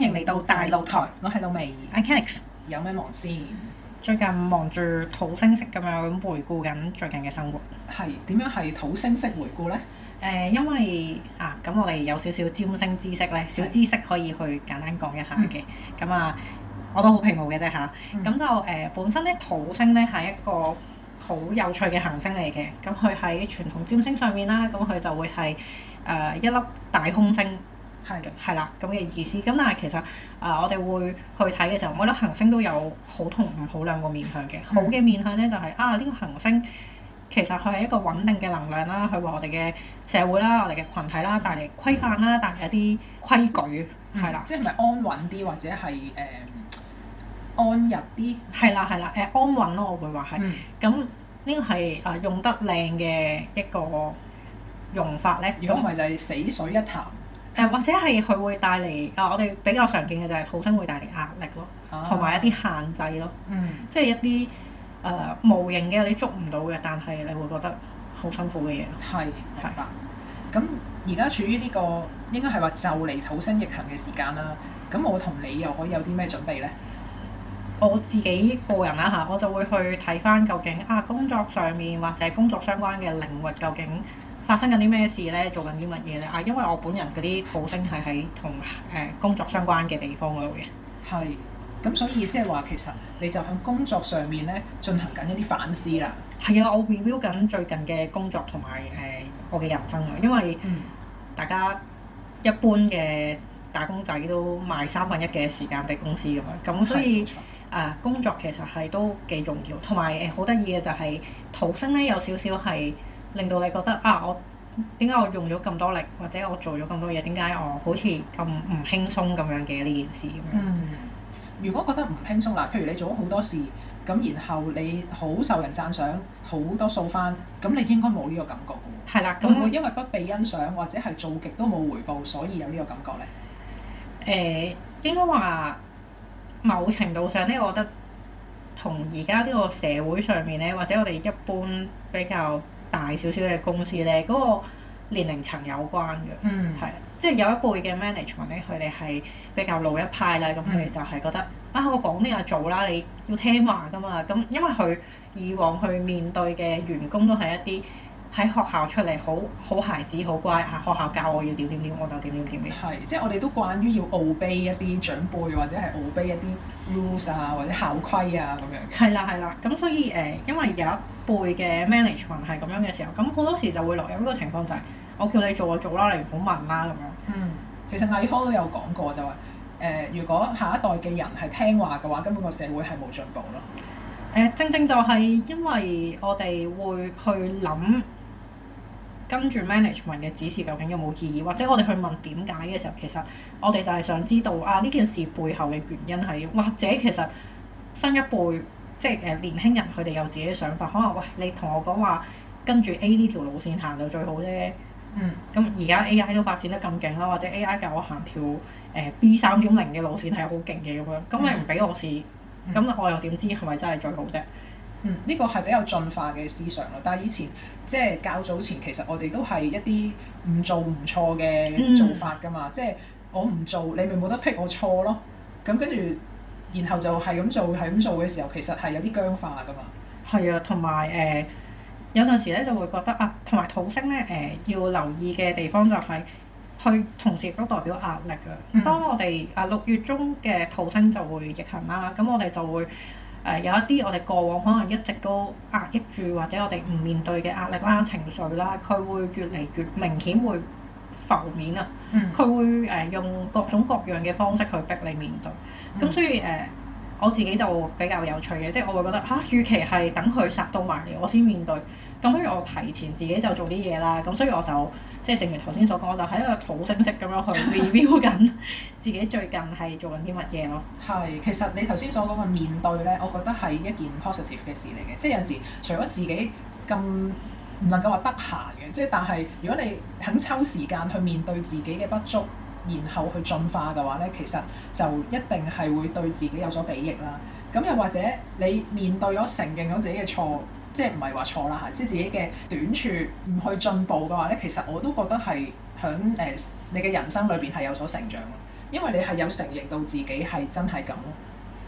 歡迎嚟到大露台，我係老薇 Kenix 有咩忙先？最近忙住土星式咁樣回顧緊最近嘅生活。係點樣係土星式回顧呢？誒、呃，因為啊，咁我哋有少少占星知識咧，小知識可以去簡單講一下嘅。咁啊是，我都好平冇皮毛嘅啫吓，咁、嗯、就誒、呃，本身咧土星咧係一個好有趣嘅行星嚟嘅。咁佢喺傳統占星上面啦，咁佢就會係誒、呃、一粒大凶星。係嘅，係啦咁嘅意思。咁但係其實啊、呃，我哋會去睇嘅時候，我覺得行星都有好同唔好兩個面向嘅。嗯、好嘅面向咧就係、係、啊，呢、呢個行星其實佢係一個穩定嘅能量啦，佢為我哋嘅社會啦、我哋嘅群體啦帶嚟規範啦，嗯、帶嚟一啲規矩。係啦、嗯，的即係咪安穩啲或者係誒、嗯、安逸啲？係啦係啦，誒安穩咯，我會話係。咁呢、嗯、個係啊用得靚嘅一個用法咧。如果唔係就係死水一潭，一潭。誒或者係佢會帶嚟啊，我哋比較常見嘅就係土星會帶嚟壓力咯，同埋、啊、一啲限制咯，嗯、即係一啲誒無形嘅你捉唔到嘅，但係你會覺得好辛苦嘅嘢咯。係係啦。咁而家處於呢個應該係話就嚟土星逆行嘅時間啦。咁我同你又可以有啲咩準備呢？我自己個人啦嚇，我就會去睇返究竟啊工作上面或者工作相關嘅領域究竟。發生緊啲咩事咧？做緊啲乜嘢咧？啊，因為我本人嗰啲土星係喺同誒工作相關嘅地方嗰度嘅。係，咁所以即係話其實你就喺工作上面咧進行緊一啲反思啦。係啊、嗯嗯，我 review 緊最近嘅工作同埋誒我嘅人生啊，因為大家一般嘅打工仔都賣三分一嘅時間俾公司咁樣，咁、嗯、所以啊錯、呃、工作其實係都幾重要。同埋誒好得意嘅就係、是、土星咧有少少係。令到你覺得啊，我點解我用咗咁多力，或者我做咗咁多嘢，點解我好似咁唔輕鬆咁樣嘅呢件事咁樣？嗯、如果覺得唔輕鬆啦，譬如你做咗好多事，咁然後你好受人讚賞，好多數翻，咁你應該冇呢個感覺嘅喎。係啦，咁會，會因為不被欣賞或者係做極都冇回報，所以有呢個感覺呢誒、呃，應該話某程度上呢，我覺得同而家呢個社會上面呢，或者我哋一般比較，大少少嘅公司咧，嗰、那個年齡層有關嘅，係、嗯、即係有一輩嘅 manager 咧，佢哋係比較老一派啦。咁佢哋就係覺得、嗯、啊，我講啲啊做啦，你要聽話㗎嘛。咁因為佢以往去面對嘅員工都係一啲。喺學校出嚟好好孩子，好乖，學校教我要點點點，我就點點點點。係，即係我哋都慣於要 obey 一啲長輩或者係 obey 一啲 rules 啊或者校規啊咁樣。係啦係啦，咁所以誒、呃，因為有一輩嘅 management 係咁樣嘅時候，咁好多時就會落入一個情況就係、是，我叫你做就做啦，你唔好問啦咁樣。嗯。其實倪匡都有講過就話，誒、呃，如果下一代嘅人係聽話嘅話，根本個社會係冇進步咯。誒、呃，正正就係因為我哋會去諗。跟住 management 嘅指示究竟有冇意義？或者我哋去問點解嘅時候，其實我哋就係想知道啊呢件事背後嘅原因係，或者其實新一輩即係誒、呃、年輕人佢哋有自己嘅想法，可能喂，你同我講話跟住 A 呢條路線行就最好啫。嗯。咁而家 AI 都發展得咁勁啦，或者 AI 教我行條誒 B 三點零嘅路線係好勁嘅咁樣，咁你唔俾我試，咁、嗯、我又點知係咪真係最好啫？嗯，呢、這個係比較進化嘅思想咯。但係以前即係較早前，其實我哋都係一啲唔做唔錯嘅做法㗎嘛。嗯、即係我唔做，你咪冇得批我錯咯。咁跟住，然後就係咁做，係咁做嘅時候，其實係有啲僵化㗎嘛。係啊，同埋誒有陣、呃、時咧就會覺得啊，同埋土星咧誒、呃、要留意嘅地方就係、是，去同時亦都代表壓力嘅。當、嗯、我哋啊六月中嘅土星就會逆行啦，咁我哋就會。誒、呃、有一啲我哋過往可能一直都壓抑住或者我哋唔面對嘅壓力啦、啊、情緒啦、啊，佢會越嚟越明顯會浮面啊！佢、嗯、會誒、呃、用各種各樣嘅方式去逼你面對。咁所以誒、呃，我自己就比較有趣嘅，即係我會覺得嚇，與其係等佢殺到埋嚟，我先面對。咁所以我提前自己就做啲嘢啦，咁所以我就即係正如頭先所講，我就喺一個土星式咁樣去 review 緊 自己最近係做緊啲乜嘢咯。係， 其實你頭先所講嘅面對咧，我覺得係一件 positive 嘅事嚟嘅，即係有陣時除咗自己咁唔能夠話得閒嘅，即係但係如果你肯抽時間去面對自己嘅不足，然後去進化嘅話咧，其實就一定係會對自己有所裨益啦。咁又或者你面對咗、承認咗自己嘅錯。即係唔係話錯啦嚇，即係自己嘅短處唔去進步嘅話咧，其實我都覺得係響誒你嘅人生裏邊係有所成長，因為你係有承認到自己係真係咁咯。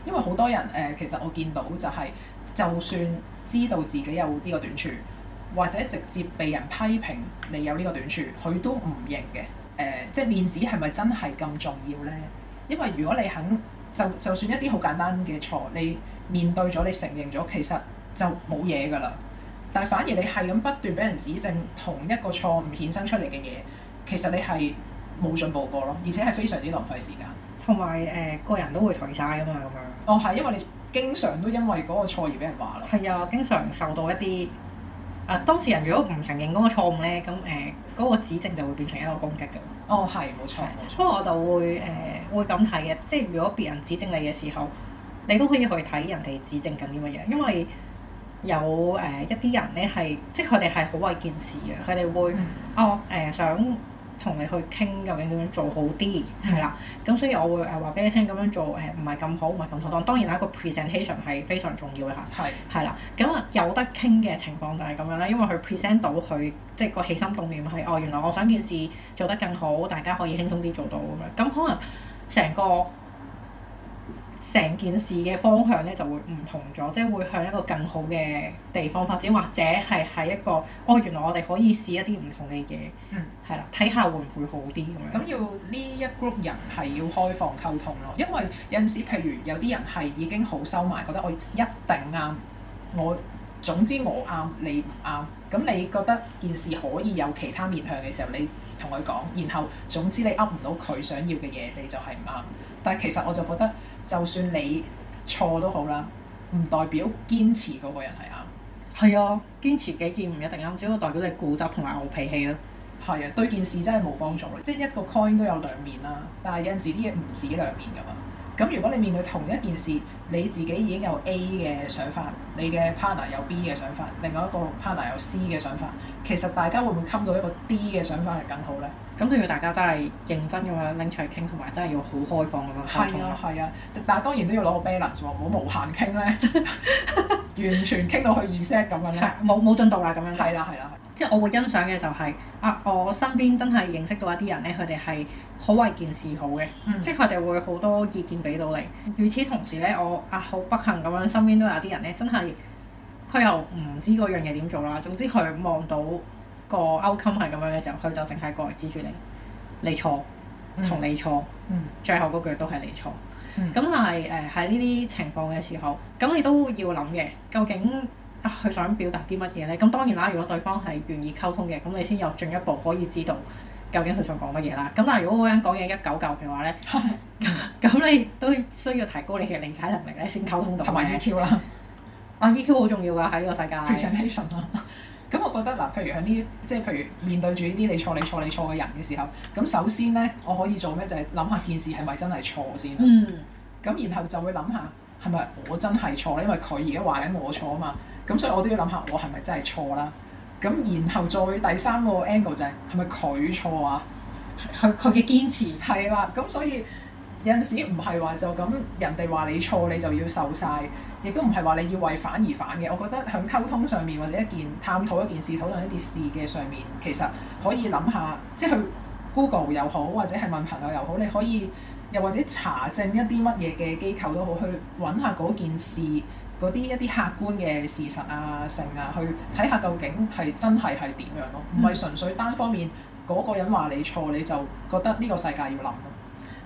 因為好多人誒、呃，其實我見到就係、是，就算知道自己有呢個短處，或者直接被人批評你有呢個短處，佢都唔認嘅。誒、呃，即係面子係咪真係咁重要咧？因為如果你肯就就算一啲好簡單嘅錯，你面對咗，你承認咗，其實。就冇嘢噶啦，但係反而你係咁不斷俾人指正同一個錯誤衍生出嚟嘅嘢，其實你係冇進步過咯，而且係非常之浪費時間，同埋誒個人都會頹晒噶嘛咁樣。哦，係因為你經常都因為嗰個錯而俾人話咯。係啊，經常受到一啲啊，當事人如果唔承認嗰個錯誤呢，咁誒嗰個指正就會變成一個攻擊噶。哦，係冇錯冇錯。不過的錯我就會誒、呃、會咁睇嘅，即係如果別人指正你嘅時候，你都可以去睇人哋指正緊啲乜嘢，因為。有誒、呃、一啲人咧係，即係佢哋係好為件事嘅，佢哋會、嗯、哦誒、呃、想同你去傾究竟點樣做好啲，係啦。咁、嗯、所以我會誒話俾你聽，咁樣做誒唔係咁好，唔係咁妥當。當然啦，個 presentation 係非常重要嘅嚇，係啦是。咁啊有得傾嘅情況就係咁樣啦，因為佢 present 到佢即係個起心動念係哦，原來我想件事做得更好，大家可以輕鬆啲做到咁樣。咁可能成個。成件事嘅方向咧就會唔同咗，即係會向一個更好嘅地方發展，或者係喺一個哦，原來我哋可以試一啲唔同嘅嘢，嗯，係啦，睇下會唔會好啲咁、嗯、樣。咁要呢一 group 人係要開放溝通咯，因為有陣時譬如有啲人係已經好收埋，覺得我一定啱，我總之我啱，你唔啱。咁你覺得件事可以有其他面向嘅時候，你同佢講，然後總之你噏唔到佢想要嘅嘢，你就係唔啱。但其實我就覺得，就算你錯都好啦，唔代表堅持嗰個人係啱。係啊，堅持己見唔一定啱，只不過代表你固執同埋牛脾氣咯。係啊，對件事真係冇幫助。即係一個 coin 都有兩面啦，但係有陣時啲嘢唔止兩面㗎嘛。咁如果你面對同一件事，你自己已經有 A 嘅想法，你嘅 partner 有 B 嘅想法，另外一個 partner 有 C 嘅想法，其實大家會唔會冚到一個 D 嘅想法係更好咧？咁都要大家真係認真咁樣拎出去傾，同埋真係要好開放咁樣溝啊，係啊，但係當然都要攞個 balance 喎，唔好無限傾咧， 完全傾到去二 set 咁樣咧，冇冇、啊、進度啦咁樣。係啦、啊，係啦、啊。即係我會欣賞嘅就係、是、啊，我身邊真係認識到一啲人咧，佢哋係好為件事好嘅，嗯、即係佢哋會好多意見俾到你。與此同時咧，我啊好不幸咁樣，身邊都有啲人咧，真係佢又唔知嗰樣嘢點做啦。總之佢望到個 outcome 係咁樣嘅時候，佢就淨係過嚟指住你，你錯同你錯，嗯、最後嗰句都係你錯。咁、嗯、但係誒喺呢啲情況嘅時候，咁你都要諗嘅，究竟佢、啊、想表達啲乜嘢咧？咁當然啦，如果對方係願意溝通嘅，咁你先有進一步可以知道究竟佢想講乜嘢啦。咁但係如果嗰個人講嘢一嚿嚿嘅話咧，咁的 你都需要提高你嘅理解能力咧，先溝通到同埋 EQ 啦。E、啊，啊，EQ 好重要噶喺呢個世界。Presentation。咁我覺得嗱，譬如喺呢，即係譬如面對住呢啲你錯、你錯、你錯嘅人嘅時候，咁首先咧，我可以做咩？就係諗下件事係咪真係錯先。嗯。咁然後就會諗下係咪我真係錯咧？因為佢而家話緊我錯啊嘛。咁所以我都要諗下我是是，我係咪真係錯啦？咁然後再第三個 angle 就係，係咪佢錯啊？佢佢嘅堅持係啦。咁 所以有陣時唔係話就咁，人哋話你錯，你就要受晒，亦都唔係話你要為反而反嘅。我覺得喺溝通上面或者一件探討一件事、討論一件事嘅上面，其實可以諗下，即係去 Google 又好，或者係問朋友又好，你可以又或者查證一啲乜嘢嘅機構都好，去揾下嗰件事。嗰啲一啲客觀嘅事實啊、性啊，去睇下究竟係真係係點樣咯？唔係純粹單方面嗰、嗰個人話你錯，你就覺得呢個世界要冧咯。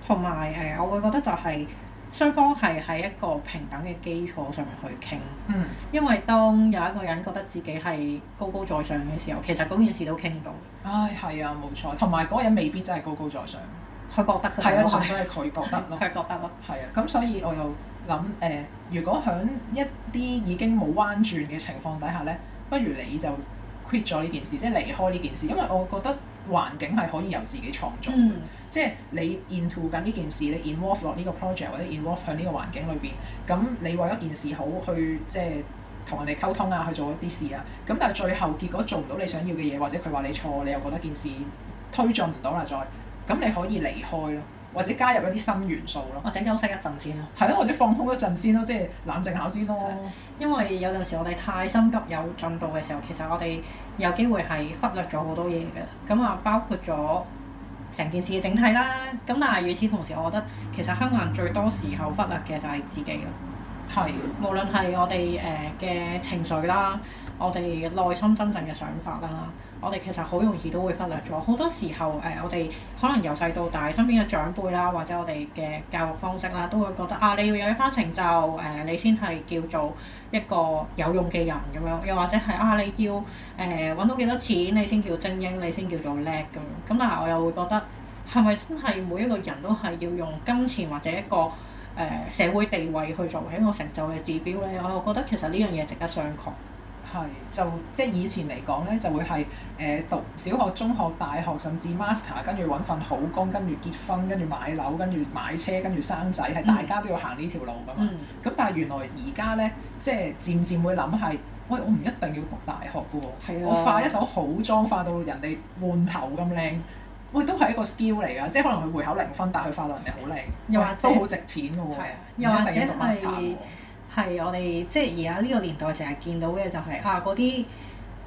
同埋誒，我會覺得就係雙方係喺一個平等嘅基礎上面去傾。嗯。因為當有一個人覺得自己係高高在上嘅時候，其實嗰件事都傾唔到。唉，係啊，冇錯。同埋嗰人未必真係高高在上，佢覺得㗎嘛，係啊，是純粹係佢覺得咯。佢覺得咯。係啊。咁、啊、所以我又。諗誒、呃，如果喺一啲已經冇彎轉嘅情況底下咧，不如你就 quit 咗呢件事，即係離開呢件事，因為我覺得環境係可以由自己創造。嗯、即係你 into 緊呢件事，你 involve 落呢個 project 或者 involve 向呢個環境裏邊，咁、嗯、你為一件事好去即係同人哋溝通啊，去做一啲事啊，咁、嗯、但係最後結果做唔到你想要嘅嘢，或者佢話你錯，你又覺得件事推進唔到啦，再、嗯、咁你可以離開咯。或者加入一啲新元素咯，或者休息一陣先咯。係咯，或者放空一陣先咯，即係冷靜下先咯。因為有陣時我哋太心急有進度嘅時候，其實我哋有機會係忽略咗好多嘢嘅。咁啊，包括咗成件事嘅整體啦。咁但係與此同時，我覺得其實香港人最多時候忽略嘅就係自己啦。係的。無論係我哋誒嘅情緒啦，我哋內心真正嘅想法啦。我哋其實好容易都會忽略咗，好多時候誒、呃，我哋可能由細到大身邊嘅長輩啦，或者我哋嘅教育方式啦，都會覺得啊，你要有一番成就誒、呃，你先係叫做一個有用嘅人咁樣，又或者係啊，你要誒搵、呃、到幾多錢，你先叫精英，你先叫做叻咁，咁但係我又會覺得係咪真係每一個人都係要用金錢或者一個誒、呃、社會地位去做一個成就嘅指標咧？我又覺得其實呢樣嘢值得商榷。係，就即係以前嚟講咧，就會係誒、呃、讀小學、中學、大學，甚至 master，跟住揾份好工，跟住結婚，跟住買樓，跟住買車，跟住生仔，係大家都要行呢條路噶嘛。咁、嗯嗯、但係原來而家咧，即係漸漸會諗係，喂，我唔一定要讀大學噶喎，係啊、我化一手好妝，化到人哋換頭咁靚，喂，都係一個 skill 嚟噶，即係可能佢會考零分，但係佢化到人哋好靚，又都好值錢喎。係啊，又或者係，一定要讀 Master。係我哋即係而家呢個年代成日見到嘅就係、是、啊嗰啲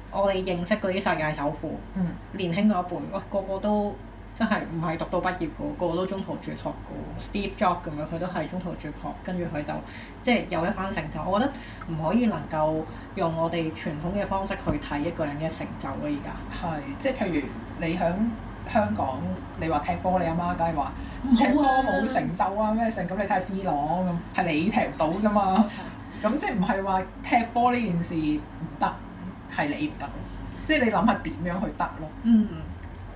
我哋認識嗰啲世界首富，嗯、年輕嗰一輩，哇、哎、個個都真係唔係讀到畢業嘅，個個都中途輟學嘅、嗯、Steve Jobs 咁樣佢都係中途輟學，跟住佢就即係有一番成就。我覺得唔可以能夠用我哋傳統嘅方式去睇一個人嘅成就咯。而家係即係譬如你響。香港，你話踢波，你阿媽梗係話踢波冇成就啊咩成？咁你睇下 C 朗咁，係你踢唔到啫嘛？咁 即係唔係話踢波呢件事唔得，係你唔得，即係你諗下點樣去得咯。嗯，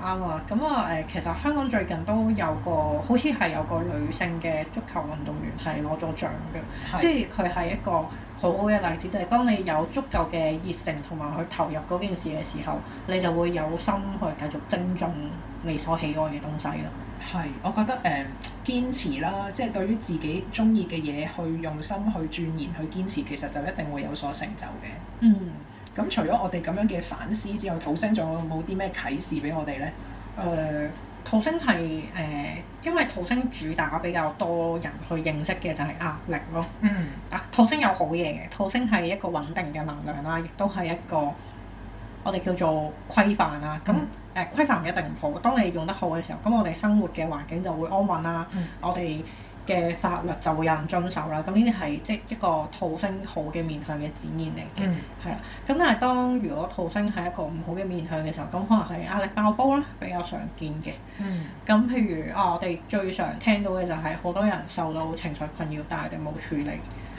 啱、嗯、啊！咁啊誒，其實香港最近都有個，好似係有個女性嘅足球運動員係攞咗獎嘅，是即係佢係一個。好好嘅例子就係、是、當你有足夠嘅熱誠同埋去投入嗰件事嘅時候，你就會有心去繼續精進你所喜愛嘅東西咯。係，我覺得誒堅、呃、持啦，即係對於自己中意嘅嘢去用心去鑽研去堅持，其實就一定會有所成就嘅。嗯，咁除咗我哋咁樣嘅反思之外，土星仲有冇啲咩啟示俾我哋咧？誒、呃。土星係誒、呃，因為土星主打比較多人去認識嘅就係壓力咯。嗯，啊，土星有好嘢嘅，土星係一個穩定嘅能量啦，亦都係一個我哋叫做規範啦。咁誒，規範唔一定唔好，當你用得好嘅時候，咁我哋生活嘅環境就會安穩啦。嗯、我哋嘅法律就會有人遵守啦，咁呢啲係即係一個土星好嘅面向嘅展現嚟嘅，係啦、嗯。咁但係當如果土星係一個唔好嘅面向嘅時候，咁可能係壓力爆煲啦，比較常見嘅。咁、嗯、譬如啊，我哋最常聽到嘅就係好多人受到情緒困擾，但係佢冇處理，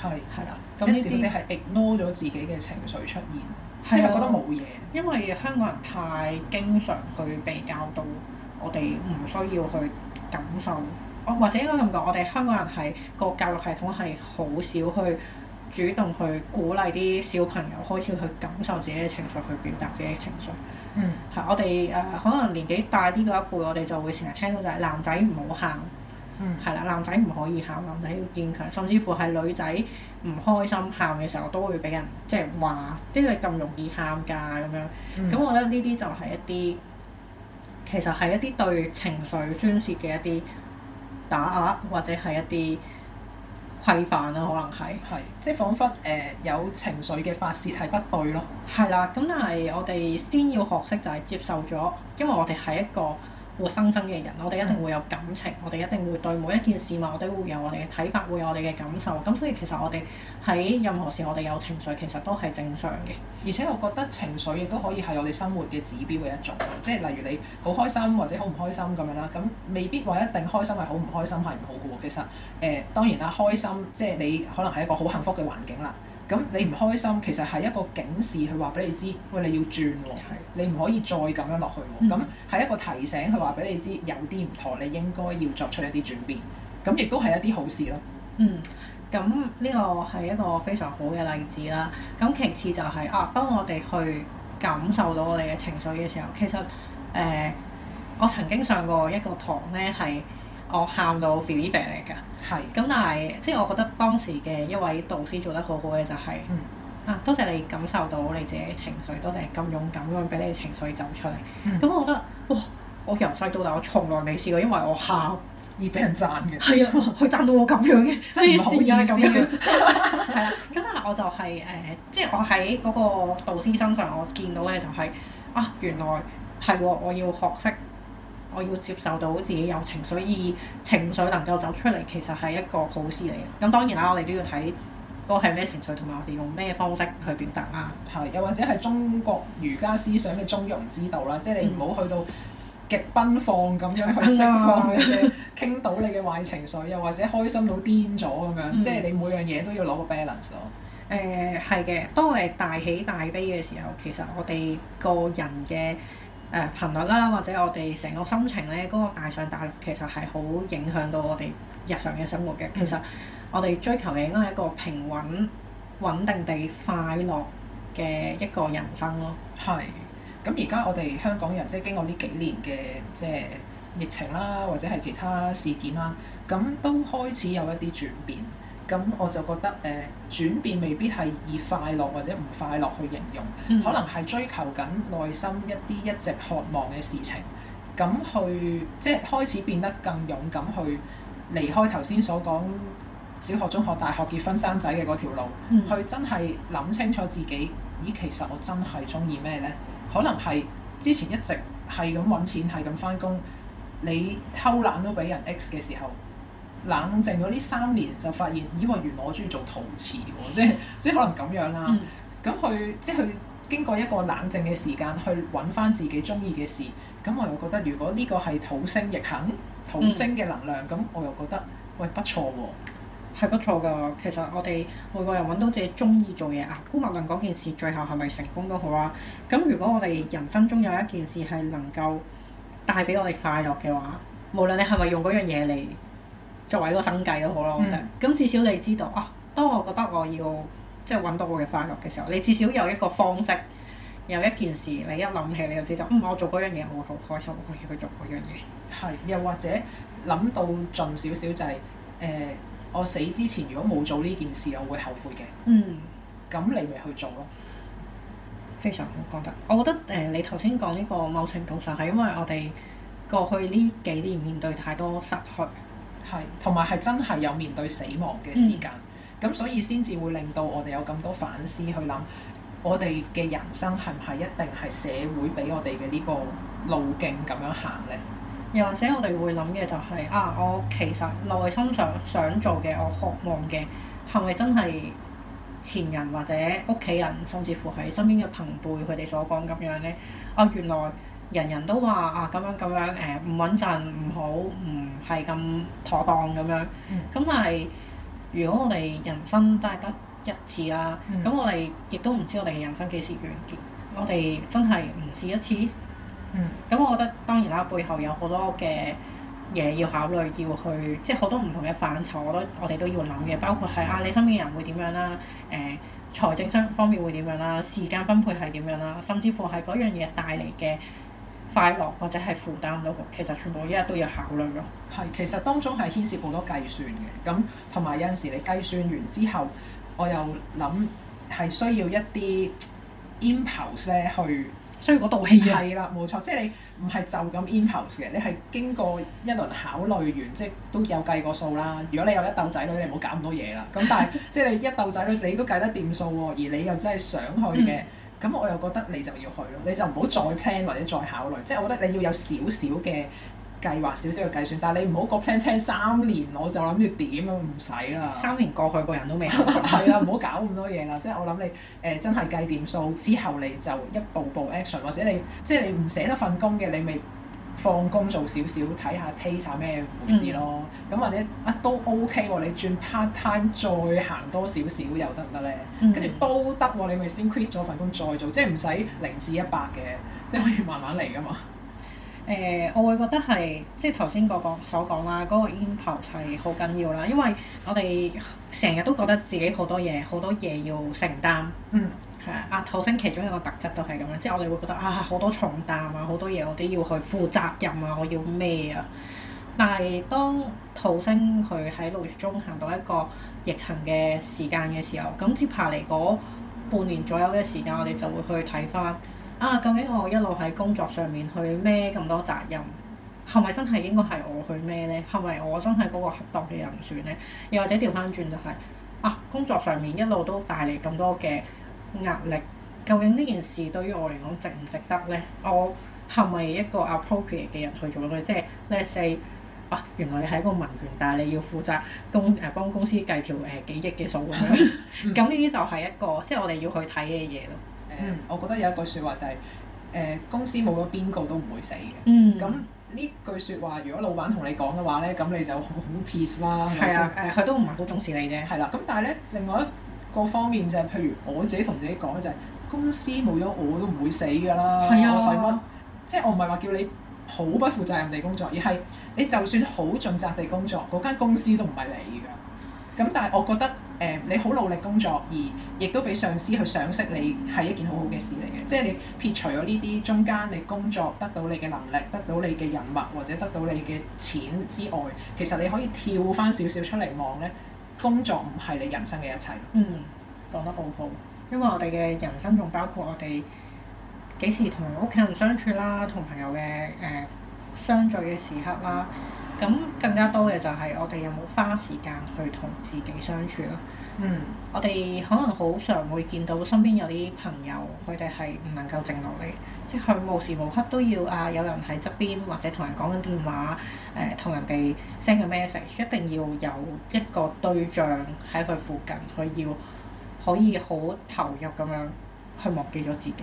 係係啦。咁呢啲係 ignore 咗自己嘅情緒出現，即係的覺得冇嘢。因為香港人太經常去比較到我哋唔需要去感受。嗯。或者應該咁講，我哋香港人係個教育系統係好少去主動去鼓勵啲小朋友開始去感受自己嘅情緒，去表達自己嘅情緒。嗯。係我哋誒、呃、可能年紀大啲嗰一輩，我哋就會成日聽到就係男仔唔好喊。嗯。係啦，男仔唔可以喊，男仔要堅強，甚至乎係女仔唔開心喊嘅時候，都會俾人即係話：即係咁容易喊㗎？咁樣。嗯。咁我覺得呢啲就係一啲，其實係一啲對情緒宣泄嘅一啲打壓或者係一啲規範啦，可能係，係的即係彷彿誒、呃、有情緒嘅發泄係不對咯。係啦，咁但係我哋先要學識就係接受咗，因為我哋係一個，活生生嘅人，我哋一定會有感情，嗯、我哋一定會對每一件事物，我哋會有我哋嘅睇法，會有我哋嘅感受。咁所以其實我哋喺任何時，我哋有情緒，其實都係正常嘅。而且我覺得情緒亦都可以係我哋生活嘅指標嘅一種，即係例如你好開心或者好唔開心咁樣啦。咁未必話一定開心係好，唔開心係唔好嘅喎。其實誒、呃，當然啦，開心即係你可能係一個好幸福嘅環境啦。咁你唔開心，其實係一個警示，佢話俾你知，喂，你要轉喎，你唔可以再咁樣落去喎。咁係一個提醒去，佢話俾你知有啲唔妥，你應該要作出一啲轉變。咁亦都係一啲好事咯。嗯，咁呢個係一個非常好嘅例子啦。咁其次就係、是、啊，當我哋去感受到我哋嘅情緒嘅時候，其實誒、呃，我曾經上過一個堂咧，係。我喊到 feel 係，咁的但係即係我覺得當時嘅一位導師做得好好嘅就係、是，嗯、啊，多謝你感受到你自己嘅情緒，多謝咁勇敢咁俾你嘅情緒走出嚟，咁、嗯嗯、我覺得哇，我由細到大我從來未試過，因為我喊而俾人贊嘅，係啊，佢贊到我咁樣嘅，真係好意思、啊，係啦，咁 啊我就係、是、誒、呃，即係我喺嗰個導師身上我見到咧就係、是，啊，原來係我要學識。我要接受到自己有情緒，所以情緒能夠走出嚟，其實係一個好事嚟嘅。咁當然啦，我哋都要睇嗰個係咩情緒，同埋我哋用咩方式去表達啦。係，又或者係中國儒家思想嘅中庸之道啦，即係你唔好去到極奔放咁樣去釋放你嘅傾的、啊、 到你嘅壞情緒，又或者開心到癲咗咁樣。嗯、即係你每樣嘢都要攞個 balance 咯。誒、呃，係嘅。當我哋大喜大悲嘅時候，其實我哋個人嘅誒、呃、頻率啦、啊，或者我哋成個心情咧，嗰、那個大上大落其實係好影響到我哋日常嘅生活嘅。其實我哋追求嘅應該係一個平穩、穩定地快樂嘅一個人生咯、啊。係。咁而家我哋香港人即係經過呢幾年嘅即係疫情啦，或者係其他事件啦，咁都開始有一啲轉變。咁我就覺得誒、呃、轉變未必係以快樂或者唔快樂去形容，嗯、哼可能係追求緊內心一啲一直渴望嘅事情，咁去即係開始變得更勇敢去離開頭先所講小學、中學、大學、結婚、生仔嘅嗰條路，嗯、去真係諗清楚自己，咦其實我真係中意咩呢？可能係之前一直係咁揾錢，係咁翻工，你偷懶都俾人 X 嘅時候。冷靜咗呢三年，就發現咦？為原來我中意做陶瓷喎、哦，即係即係可能咁樣啦。咁佢、嗯、即係佢經過一個冷靜嘅時間，去揾翻自己中意嘅事。咁我又覺、嗯、覺得，如果呢個係土星逆行，土星嘅能量，咁我又覺得喂不錯喎，係不錯㗎。其實我哋每個人揾到自己中意做嘢啊，姑勿論嗰件事最後係咪成功都好啊。咁如果我哋人生中有一件事係能夠帶俾我哋快樂嘅話，無論你係咪用嗰樣嘢嚟。作為一個生計都好咯，我覺得咁至少你知道啊。當我覺得我要即係搵到我嘅快樂嘅時候，你至少有一個方式，有一件事你一諗起你就知道，嗯，我做嗰樣嘢我會好開心，我要去做嗰樣嘢。係是又或者諗到盡少少就係、是、誒、呃，我死之前如果冇做呢件事，我會後悔嘅。嗯，咁你咪去做咯。非常好，講得我覺得誒、呃，你頭先講呢個某程度上係因為我哋過去呢幾年面對太多失去。係，同埋係真係有面對死亡嘅時間，咁、嗯、所以先至會令到我哋有咁多反思去諗，我哋嘅人生係唔係一定係社會俾我哋嘅呢個路徑咁樣行呢？又或者我哋會諗嘅就係、係、啊，我其實內心上想，想做嘅，我渴望嘅，係咪真係前人或者屋企人，甚至乎喺身邊嘅朋輩佢哋所講咁樣呢？啊，原來。人人都話啊，咁樣咁樣誒，唔穩陣，唔好，唔係咁妥當咁樣。咁但係，如果我哋人生都係得一次啦，咁、嗯、我哋亦都唔知我哋人生幾時完結。我哋真係唔試一次，咁、嗯、我覺得當然啦，背後有好多嘅嘢要考慮，要去即係好多唔同嘅範疇，我都我哋都要諗嘅，包括係啊，你身邊嘅人會點樣啦，誒、呃、財政相方面會點樣啦，時間分配係點樣啦，甚至乎係嗰樣嘢帶嚟嘅。快樂或者係負擔咯，其實全部一日都要考慮咯。係，其實當中係牽涉好多計算嘅，咁同埋有陣時你計算完之後，我又諗係需要一啲 impulse 咧去需要嗰道氣啊。係啦，冇錯，即係你唔係就咁 impulse 嘅，你係經過一輪考慮完，即係都有計過數啦。如果你有一竇仔女，你唔好搞咁多嘢啦。咁 但係即係你一竇仔女，你都計得掂數喎、哦，而你又真係想去嘅。嗯咁我又覺得你就要去咯，你就唔好再 plan 或者再考慮，即係我覺得你要有少少嘅計劃、少少嘅計算，但係你唔好個 plan plan 三年，我就諗住點啊，唔使啦，三年過去個人都未行。係啊， 唔好搞咁多嘢啦，即係我諗你誒、呃、真係計掂數之後，你就一步步 action，或者你即係你唔捨得份工嘅，你未。放工做少少睇下 taste 下咩回事咯，咁、嗯、或者啊都 OK 喎、哦，你轉 part time 再行多少少又得唔得咧？跟住、嗯、都得喎、哦，你咪先 quit 咗份工再做，即係唔使零至一百嘅，即係可以慢慢嚟噶嘛。誒、呃，我會覺得係即係頭先個個所講啦，嗰個 input 係好緊要啦，因為我哋成日都覺得自己好多嘢，好多嘢要承擔。嗯。啊，土星其中一個特質都係咁樣，即係我哋會覺得啊，好多重擔啊，好多嘢我都要去負責任啊，我要孭啊？但係當土星佢喺六月中行到一個逆行嘅時間嘅時候，咁接下嚟嗰半年左右嘅時間，我哋就會去睇翻啊，究竟我一路喺工作上面去孭咁多責任，係咪真係應該係我去孭呢？係咪我真係嗰個合當嘅人選呢？又或者掉翻轉就係、是、啊，工作上面一路都帶嚟咁多嘅～壓力究竟呢件事對於我嚟講值唔值得咧？我係咪一個 appropriate 嘅人去做咧？即係 let's say 哇，原來你係一個文員，但係你要負責公誒幫公司計條誒幾億嘅數咁呢啲、 嗯、就係一個即係我哋要去睇嘅嘢咯。誒、嗯，我覺得有一句説話就係、是、誒、呃、公司冇咗邊個都唔會死嘅。嗯。咁呢句説話，如果老闆同你講嘅話咧，咁你就好 peace 啦。係啊。誒吧，佢、嗯、都唔係好重視你啫。係啦。咁但係咧，另外一個方面就係、是，譬如我自己同自己講就係、是，公司冇咗我都唔會死㗎啦，係啊，我使乜？即係我唔係話叫你好不負責任地工作，而係你就算好盡責地工作，嗰間公司都唔係你㗎。咁但係我覺得誒、呃，你好努力工作而亦都俾上司去賞識你係一件好好嘅事嚟嘅。嗯、即係你撇除咗呢啲中間，你工作得到你嘅能力、得到你嘅人脈或者得到你嘅錢之外，其實你可以跳翻少少出嚟望咧。工作唔係你人生嘅一切，嗯，講得好好，因為我哋嘅人生仲包括我哋幾時同屋企人相處啦，同朋友嘅誒、呃、相聚嘅時刻啦。嗯。咁更加多嘅就係我哋有冇花時間去同自己相處咯。嗯，我哋可能好常會見到身邊有啲朋友，佢哋係唔能夠靜落嚟，即係佢無時無刻都要啊有人喺側邊，或者同人講緊電話，誒、呃、同人哋 send 個 message，一定要有一個對象喺佢附近，佢要可以好投入咁樣去忘記咗自己。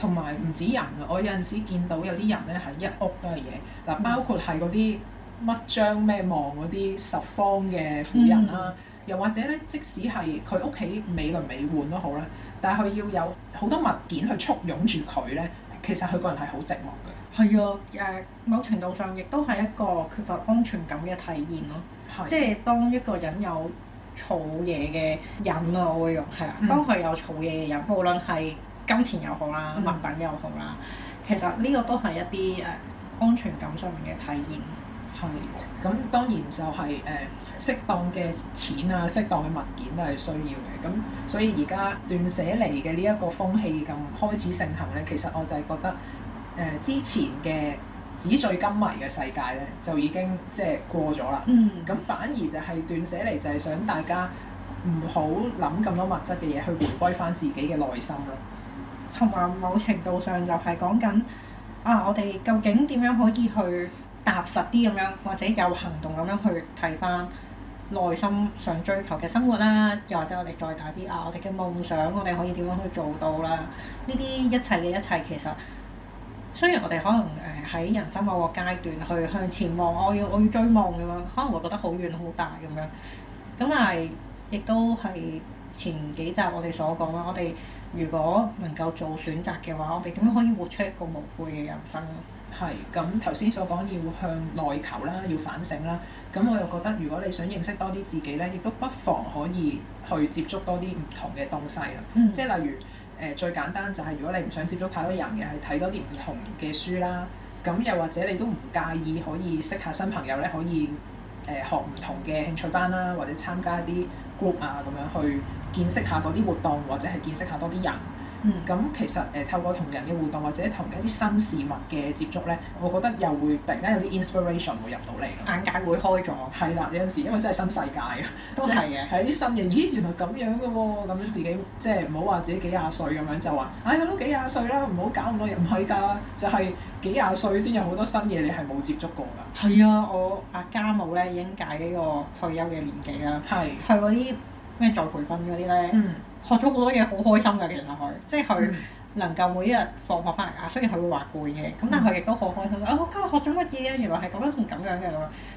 同埋唔止人啊，我有陣時見到有啲人咧係一屋都係嘢嗱，包括係嗰啲。乜張咩望嗰啲十方嘅夫人啦、啊，嗯、又或者咧，即使係佢屋企美輪美奐都好啦，但係佢要有好多物件去簇擁住佢咧，其實佢個人係好寂寞嘅。係啊、嗯，誒某程度上亦都係一個缺乏安全感嘅體驗咯。是即係當一個人有儲嘢嘅人啊，我會用係啦。當佢有儲嘢嘅人，無論係金錢又好啦，物品又好啦，嗯、其實呢個都係一啲誒、呃、安全感上面嘅體驗。係，咁當然就係、是、誒、呃、適當嘅錢啊，適當嘅物件都係需要嘅。咁所以而家斷捨離嘅呢一個風氣咁開始盛行咧，其實我就係覺得誒、呃、之前嘅紙醉金迷嘅世界咧，就已經即係、就是、過咗啦。嗯，咁反而就係斷捨離，就係想大家唔好諗咁多物質嘅嘢，去返歸回歸翻自己嘅內心咯。同埋某程度上就係講緊啊，我哋究竟點樣可以去踏實啲咁樣，或者有行動咁樣去睇翻內心想追求嘅生活啦，又或者我哋再大啲啊，我哋嘅夢想我哋可以點樣去做到啦？呢啲一切嘅一切其實雖然我哋可能誒喺人生某個階段去向前望，我要我要追望咁樣，可能會覺得好遠好大咁樣。咁但係亦都係前幾集我哋所講啦，我哋如果能夠做選擇嘅話，我哋點樣可以活出一個無悔嘅人生。係，咁頭先所講要向內求啦，要反省啦。咁我又覺得，如果你想認識多啲自己咧，亦都不妨可以去接觸多啲唔同嘅東西啦。嗯、即係例如，誒、呃、最簡單就係如果你唔想接觸太多人嘅，係睇多啲唔同嘅書啦。咁又或者你都唔介意可，可以識下新朋友咧，可以誒學唔同嘅興趣班啦，或者參加啲 group 啊，咁樣去見識下嗰啲活動，或者係見識下多啲人。嗯，咁其實誒、呃、透過同人嘅互動或者同一啲新事物嘅接觸咧，我覺得又會突然間有啲 inspiration 會入到嚟，眼界會開咗。係啦，有陣時因為真係新世界啊，都係嘅。係啲 新嘢，咦，原來咁樣嘅喎、啊，咁樣自己即係唔好話自己幾廿歲咁樣就話，唉，我都幾廿歲啦，唔好搞咁多嘢唔可以㗎，就係、哎、幾廿歲先、就是、有好多新嘢，你係冇接觸過㗎。係啊，我阿家母咧已經介呢個退休嘅年紀啦，係去嗰啲咩再培訓嗰啲咧。嗯學咗好多嘢，好開心㗎！其實佢即係佢能夠每一日放學翻嚟啊，雖然佢會話攰嘅，咁但係佢亦都好開心。啊、嗯哦，我今日學咗乜嘢啊？原來係講緊同咁樣嘅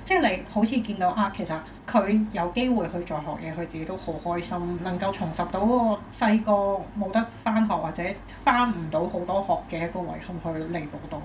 即係你好似見到啊，其實佢有機會去再學嘢，佢自己都好開心，嗯、能夠重拾到個細個冇得翻學或者翻唔到好多學嘅一個遺憾，去彌補到咯。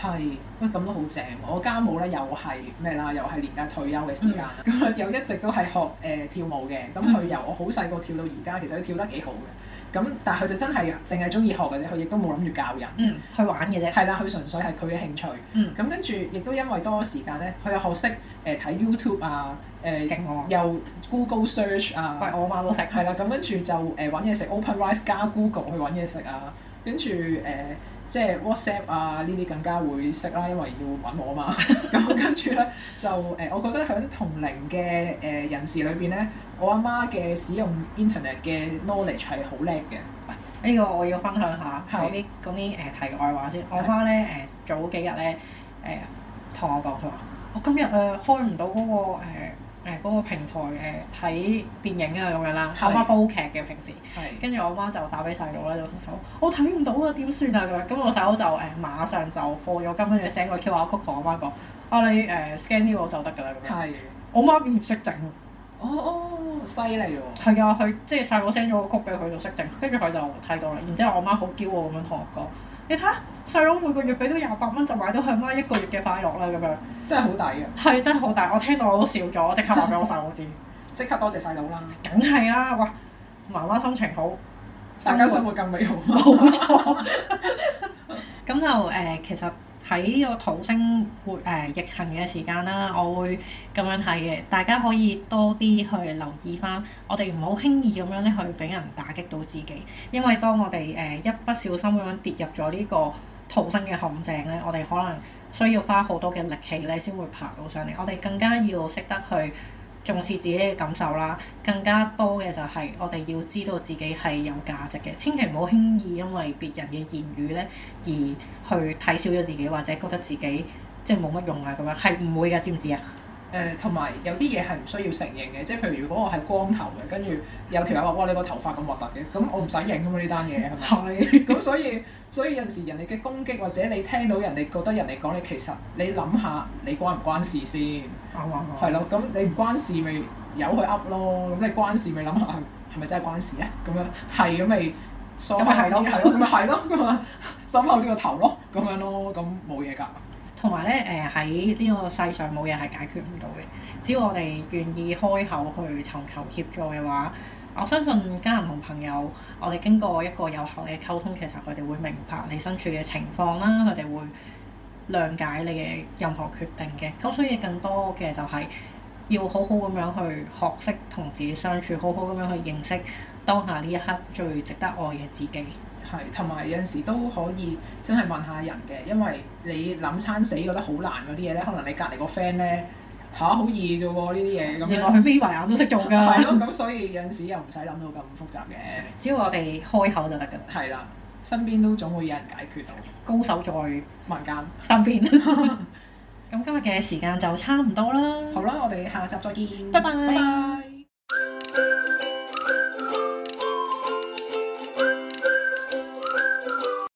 係，喂咁都好正喎！我家母咧又係咩啦？又係年屆退休嘅時間咁啊又一直都係學誒、呃、跳舞嘅，咁佢由我好細個跳到而家，其實佢跳得幾好嘅。咁但係佢就真係淨係中意學嘅啫，佢亦都冇諗住教人。去玩嘅啫。係啦，佢純粹係佢嘅興趣。嗯。咁跟住亦都因為多咗時間咧，佢又學識誒睇 YouTube 啊，誒、呃、又、哦、Google search 啊。喂，我媽都食。係啦，咁跟住就誒揾嘢食，Open Rice 加 Google 去揾嘢食啊，跟住誒。呃即係 WhatsApp 啊，呢啲更加會識啦，因為要揾我啊嘛。咁 跟住咧就誒，我覺得喺同齡嘅誒人士裏邊咧，我阿媽嘅使用 Internet 嘅 knowledge 係好叻嘅。呢個我要分享下，講啲嗰啲誒題外話先。我媽咧誒早幾日咧誒同我講，佢話我今日誒、呃、開唔到嗰個、呃誒嗰、呃那個平台誒睇、呃、電影啊咁樣啦，的我媽煲劇嘅平時，跟住的我媽就打俾細佬咧，就同佢講：我睇唔到啊，點算啊咁樣？咁我細佬就誒、呃、馬上就放咗 send 個 Q R 曲，同我媽講：啊你誒 scan 呢個就得㗎啦咁樣。的我媽唔識整，哦犀利喎！係、哦哦、啊，佢即係細佬 send 咗個曲俾佢就識整，跟住佢就睇到啦。然之後我媽好驕傲咁樣同我講：你睇下。細佬每個月俾到廿八蚊就買到佢媽一個月嘅快樂啦，咁樣真係好抵嘅。係真係好抵，我聽到我都笑咗，即刻話俾我細佬知，即 刻多謝細佬啦。梗係啦，哇！媽媽心情好，大家生活更美好。冇活 沒錯。咁 就誒、呃，其實喺呢個土星活誒、呃、逆行嘅時間啦，我會咁樣睇嘅。大家可以多啲去留意翻，我哋唔好輕易咁樣咧去俾人打擊到自己，因為當我哋誒、呃、一不小心咁樣跌入咗呢、這個。逃生嘅陷阱咧，我哋可能需要花好多嘅力氣咧，先會爬到上嚟。我哋更加要識得去重視自己嘅感受啦。更加多嘅就係我哋要知道自己係有價值嘅，千祈唔好輕易因為別人嘅言語咧而去睇少咗自己，或者覺得自己即係冇乜用啊咁樣，係唔會嘅，知唔知啊？誒，同埋有啲嘢係唔需要承認嘅，即係譬如如果我係光頭嘅，跟住有條友話：哇，你個頭髮咁核突嘅，咁我唔使認㗎嘛，呢單嘢係咪？係，咁 所以所以有陣時人哋嘅攻擊或者你聽到人哋覺得人哋講你，其實你諗下你關唔關事先？啱、嗯嗯、啱啱係咯，咁你唔關事咪由佢噏咯，咁你關事咪諗下係咪真係關事咧？咁樣係咁咪疏開啲，係咯，咪係咯，咁啊、嗯，梳開呢個頭咯，咁樣咯，咁冇嘢㗎。同埋咧，誒，喺呢個世上冇嘢係解決唔到嘅，只要我哋願意開口去尋求協助嘅話，我相信家人同朋友，我哋經過一個有效嘅溝通，其實佢哋會明白你身處嘅情況啦，佢哋會諒解你嘅任何決定嘅。咁所以更多嘅就係要好好咁樣去學識同自己相處，好好咁樣去認識當下呢一刻最值得愛嘅自己。係，同埋有陣時都可以真係問下人嘅，因為你諗餐死覺得好難嗰啲嘢咧，可能你隔離個 friend 咧吓，好、啊、易啫喎，呢啲嘢咁原來佢眯埋眼都識做㗎。 係咯，咁所以有陣時又唔使諗到咁複雜嘅，只要我哋開口就得㗎啦。係啦，身邊都總會有人解決到，高手在民間身邊。咁 今日嘅時間就差唔多啦。好啦，我哋下集再見，拜拜 bye。Bye bye